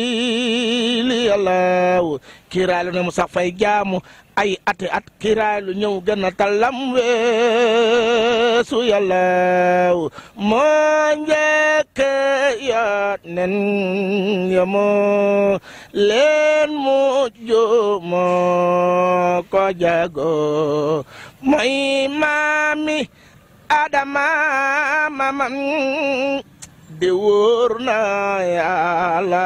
yàlla kiiraalu ne mu sax jaamu ay ati at kiiraalu ñëw gën a weesu yàlla moo njëkk ya nen ya leen mu ko jago mooy maami adama mamam de na yàlla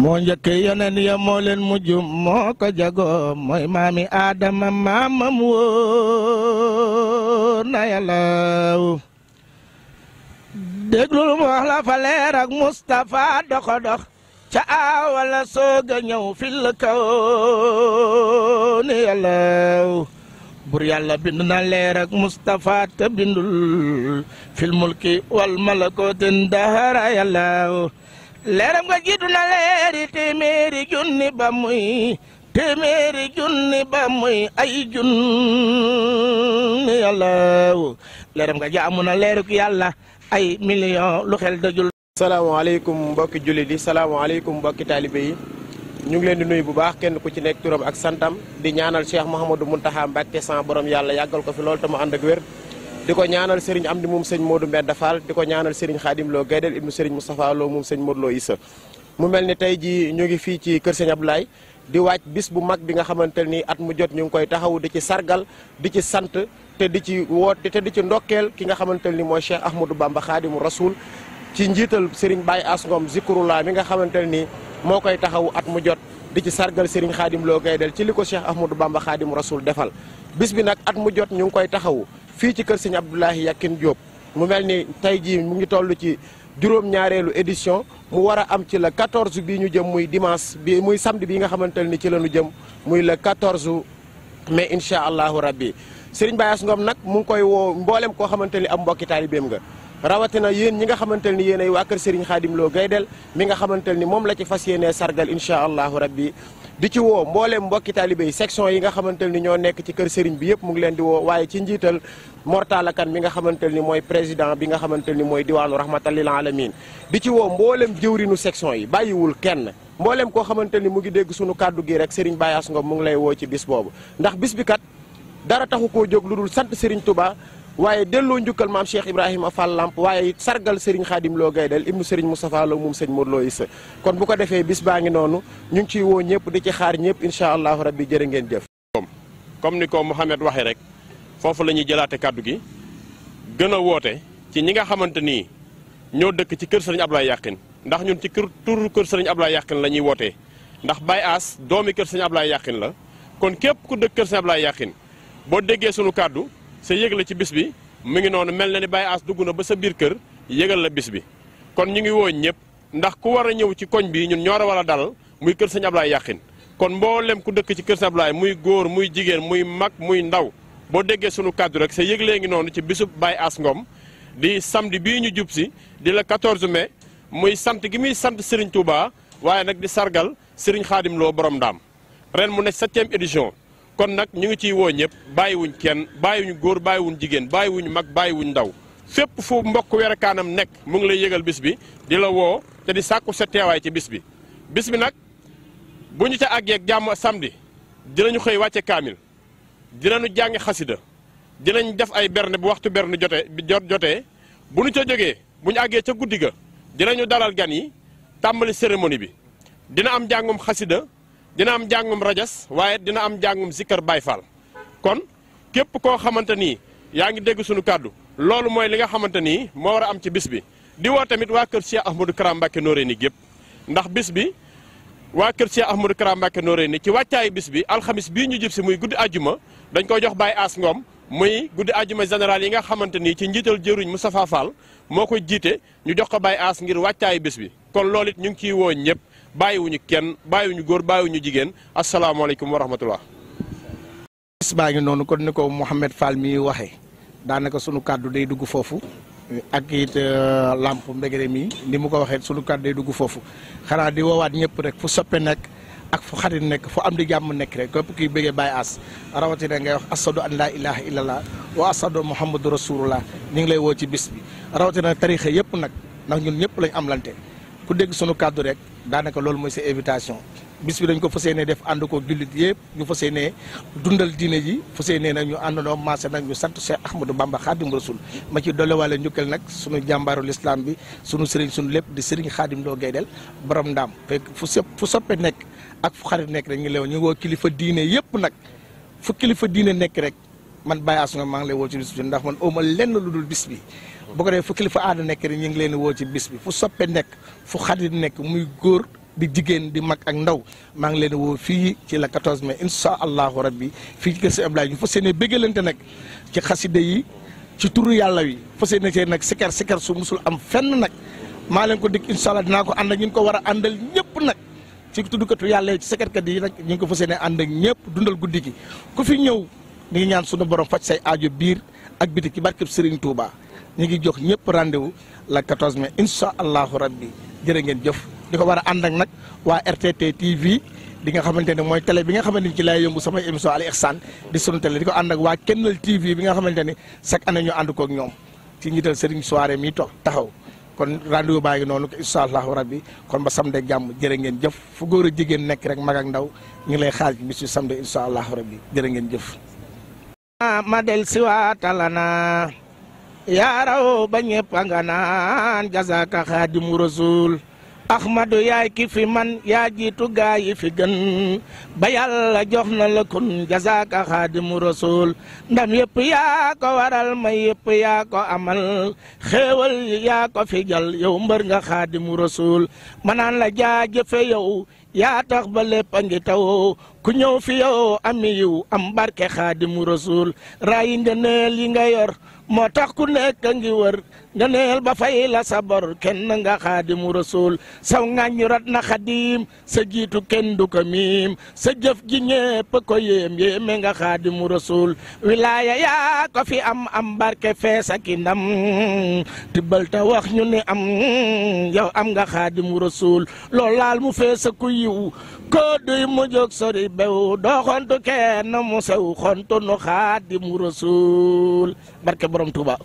moo njëkk yeneen ya moo leen mujj moo ko jagoo mooy maami aadama maamam wóor na yàlla ya déglul mu wax la fa leer ak Moustapha doxo dox ca aawala soog ñëw fil kaw ni yàlla ya bur yàlla bind na leer ak Moustapha wal malakotin dahara yàlla leeram nga jiitu na leeri téeméeri junni ba muy junni ba ay junni yàlla leeram nga jaamu leeruk yàlla ay million lu xel dajul salaamaaleykum mbokki jullit yi salaamaaleykum mbokki taalibe yi ñu ngi leen di nuyu bu baax kenn ku ci nekk turam ak santam di ñaanal Cheikh Mouhamadou muntaha mbacke sama borom yàlla yàggal ko fi loolu te mu ànd ak wér di ñaanal Serigne Amdi moom sëñ Modou Mbenda Fall di ko ñaanal Serigne Khadim Lo Gaydel ibnu Serigne Moustapha Lo moom sëñ Modou Lo Issa mu mel ni tey jii ñu ngi fii ci kër sëñ Abdoulaye di bis bu mag bi nga xamante at mu jot ñu ngi koy taxaw di ci sargal di ci sant te di ci woote te di ci ndokkeel ki nga xamante ni mooy Cheikh Ahmadou Bamba Khadimu Rasoul ci njiital Serigne Baye Asngom Zikrullah mi nga xamante moo koy taxawu at mu jot di ci sargal Serigne Khadim Lo Gaydel ci li ko Cheikh Ahmadou Bamba Khadim Rasoul defal bis bi nag at mu jot ñu ngi koy taxawu fii ci kër Serigne Abdoulahi Yakin Diop mu mel ni tey jii mu ngi toll ci juróom-ñaareelu édition mu war a am ci la 14 bii ñu jëm muy dimanche bi muy samedi bi nga xamante ni ci la ñu jëm muy le 14 mai incha allahu rabbi Serigne Bayass Ngom nag mu ngi koy woo mboolem koo xamante ni am mbokki taalibeem nga rawatina yéen ñi nga xamante ni yéen ay waa kër Serigne Khadim Lo Gaydel mi nga xamante ni moom la ci fas yéenee sargal incha allahu rabbi di ci woo mbooleem mbokki taalibe yi section yi nga xamante ni ñoo nekk ci kër sëriñ bi yëpp mu ngi leen di woo waaye ci njiital Mortala Kan mi nga xamante ni mooy président bi nga xamante ni mooy diwaanu rahmatalil alamin di ci woo mbooleem jëwrinu section yi bàyyiwul kenn mbooleem koo xamante ni mu ngi dégg sunu kàddu gi rek Serigne Bayass Ngom mu ngi lay woo ci bis boobu ndax bis bi kat dara taxu koo jóg lu dul sant Serigne Touba waye delo ndukal mam Cheikh ibrahim Fall Lamp sargal Serigne Khadim Lo dal ibnu Serigne Mustafa Lo mum serigne modlo isa kon bu ko defee bis baangi nonu ñu ngi ciy woo ñëpp di ci xaar ñepp inshallah rabbi jere ngeen def comme ni ko Mouhamed waxee rek fofu lañu jëlaté kaddu gi gëna woté ci ñi nga xamanteni ni dëkk ci kër Serigne Abdoulaye Yakhine ndax ñun ci kër tour kër Serigne Abdoulaye Yakhine la woté ndax bay As doomi kër Serigne Abdoulaye la kon képp ku dëkk kër Serigne Abdoulaye bo déggé sunu kaddu sa yëg la ci bis bi mu ngi noonu mel na ni Baye Ass dugg na ba sa biir kër yëgal la bis bi kon ñu ngi woo ñëpp ndax ku war a ñëw ci koñ bi ñun ñoo war a dalal muy kër sëñ Ablaye yàqin kon mboolem ku dëkk ci kër sëñ Ablaye muy góor muy jigéen muy mag muy ndaw boo déggee sunu kàddu rek sa lee ngi noonu ci bisub Baye Ass ngoom di samedi bii ñu jub si di la 14 mai muy sant gi muy sant Serigne Touba waaye nag di sargal Serigne Khadim Lo borom ndaam ren mu ne septième édition kon nag ñu ngi ciy woo ñëpp bàyyiwuñ kenn bàyyiwuñ góor bàyyiwuñ jigéen bàyyiwuñu mag bàyyiwuñ ndaw fépp fu mbokk werekaanam nekk mu ngi lay yëgal bis bi di la woo te di sàkku sa teewaay ci bis bi bis bi nag bu ñu ca àggeeg jàmm samedi dinañu xëy wàcce kaamil dinañu jàngi xasida dinañ def ay berne bu waxtu berne jote jote bu ñu ca jógee bu ñu àggee ca guddi ga dinañu dalal gan yi tàmbali cérémonie bi dina am jàngum xasida dina am jàngum rajas waaye dina am njàngum sikkar Baay Faal kon képp koo xamante ni yaa ngi dégg sunu kàddu loolu mooy li nga xamante ni moo war a am ci bis bi di woo tamit waa kër Cheikh Ahmadou Kara Mbacké Noreyni gépp ndax bis bi waa kër Cheikh Ahmadou Kara Mbacké Noreyni ci wàccaayu bis bi alxamis bii ñu jub si muy guddi ajuma dañ koo jox Baye Ass Ngom muy guddi ajuma général yi nga xamante ni ci njiital jëruñ Moustapha Fall moo koy jiite ñu jox ko Baye Ass ngir wàccaayu bis bi kon loolu it ñu ngi ciy woo ñëpp bayiwuñu kenn bàyyiwuñu bayiwuñu jigen assalamu alaykum wa rahmatullah bis baangi nonu noonu kon ni ko Mouhamed Fall mi waxe danaka sunu kaddu day dugg fofu ak it euh, lampe mbegere mi ni mu ko waxee sunu kàddu day dugg fofu xanaa di wowat ñepp rek fu soppe nek ak fu xarit nek fu am di jamm nek rek képp kiy bëggee Baye Ass rawatina ngay wax asadu an la ilaha illallah wa asadu muhammadur rasulullah ni ngi lay woo ci bis bi na tarixa yep nak ndax ñun ñepp lañ am lanté ku dégg sunu kàddu rek daanaka loolu mooy sa invitation bis bi dañ ko fas yéene def ànd ko jullit yëpp ñu fas yéene dundal diine ji fas yéene nag ñu àndandoo maase nag ñu sant Cheikh Ahmadou Bamba Khadim Rasoul ma ci dolliwaale njukkal nag sunu jàmbaaru l'islam bi sunu sëriñ lépp di sëriñ Khadim Lo Gaydel borom ndaam fekk fu sëpp fu soppe nekk ak fu xarit nekk rek ñu lew ñu woo kilifa diine yëpp nag fu kilifa diine nekk rek man Baye Asou Ngom maa ngi lay wo ci bis bi ndax man o ma len luddul bis bi bu ko def fu kilifa aada nek rek ñu ngi len wo ci bis bi fu soppe nek fu xarit nek muy góor di jigen di mag ak ndaw ma ngi len wo fi ci la 14 mai insha allah rabbi fi ci kër si Ablaye ñu fas yéene béggalante nag ci khasside yi ci turu yalla wi fu yéene ci nag sikar sikar su musul am fenn nak ma len ko dik insha allah dina ko and ak ñu ko wara andal ñepp nak ci tuddu katu yalla ci kat yi nak ñi ngi ko fassene and ak ñepp dundal guddigi ku fi ñew ñu ngi ñaan suñu borom fajj say aaju biir ak biti ci barkeb Serigne Touba ñi ngi jox ñepp rendez-vous la 14 mai insha allah rabbi jere ngeen jëf diko wara and ak nak wa RTT TV. di nga xamantene moy télé bi nga xamantene ci lay yëngu sama émission ali ihsan di sunu télé diko and ak wa Kennel TV bi nga xamantene sak ana ñu and ko ak ñom ci njiital Serigne Soirée mi tok taxaw kon rendez-vous baa ngi nonu insha allah rabbi kon ba samedi jam jere ngeen jëf fu goor jigen nek rek mag ak ndaw ñi lay xaar ci bisu yu samedi incha allahu rabbi jere ngeen jëf. ma del siwaatala na yaaraw ba ñëpp a naan jazaaka xaadimu rasul ahmadu yaay ki fi man yaa jiitu gaa yi fi gën ba yàlla jox na la kun jazaaka xaadimu rasul ndam yëpp yaa ko waral may yëpp yaa ko amal xéewal yaa ko fi jal yow mbër nga xaadimu rasul manaan la jaajëfe yow yaa tax ba lépp a ngi taw ku ñëw fi yow ami yiw am barke xaadimu rasul rayi ngëneel yi nga yor moo tax ku nekk a ngi wër ñaneel ba fay la sabar bor kenn nga segitu rasul saw ngañu rat na xadim sa jiitu kenn du ko miim sa jëf ji ñépp ko yéem yéeme nga rasul wilaaya yaa ko fi am am barke fees ak i ta wax ñu ne am yow am nga xaadimu rasul lool laal mu fees ku yiw ko duy mu jóg sori bew doo xontu kenn mu sew xontu nu rasul barke borom Tuuba